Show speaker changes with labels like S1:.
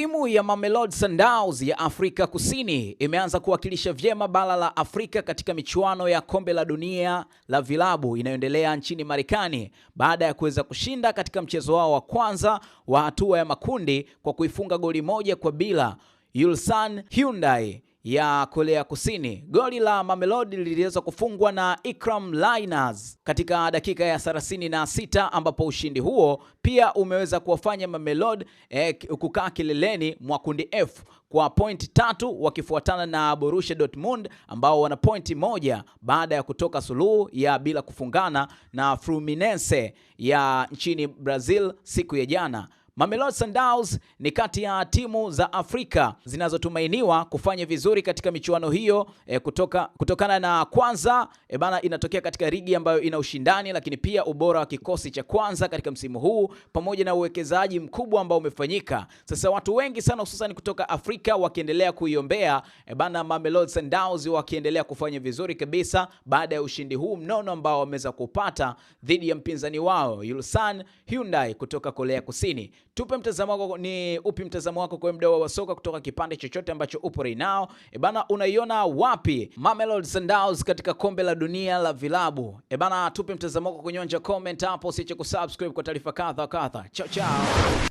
S1: Timu ya Mamelodi Sundowns ya Afrika Kusini imeanza kuwakilisha vyema bara la Afrika katika michuano ya kombe la dunia la vilabu inayoendelea nchini Marekani baada ya kuweza kushinda katika mchezo wao wa kwanza wa hatua ya makundi kwa kuifunga goli moja kwa bila Ulsan Hyundai ya Korea Kusini. Goli la Mamelodi liliweza kufungwa na Ikram Liners katika dakika ya 36 ambapo ushindi huo pia umeweza kuwafanya Mamelodi eh, kukaa kileleni mwa kundi F kwa pointi tatu wakifuatana na Borussia Dortmund ambao wana pointi moja baada ya kutoka suluhu ya bila kufungana na Fluminense ya nchini Brazil siku ya jana. Mamelodi Sundowns ni kati ya timu za Afrika zinazotumainiwa kufanya vizuri katika michuano hiyo e, kutoka, kutokana na kwanza e, bana inatokea katika ligi ambayo ina ushindani, lakini pia ubora wa kikosi cha kwanza katika msimu huu pamoja na uwekezaji mkubwa ambao umefanyika. Sasa watu wengi sana hususan kutoka Afrika wakiendelea kuiombea e, bana Mamelodi Sundowns wakiendelea kufanya vizuri kabisa baada ya ushindi huu mnono ambao wameweza kupata dhidi ya mpinzani wao Ulsan Hyundai kutoka Korea Kusini tupe mtazamo wako, ni upi mtazamo wako kwa mdau wa soka kutoka kipande chochote ambacho upo right now ebana, unaiona wapi Mamelodi Sundowns katika kombe la dunia la vilabu ebana? Tupe mtazamo wako kunyonja comment hapo, usiache kusubscribe kwa taarifa kadha kadha. Chao chao.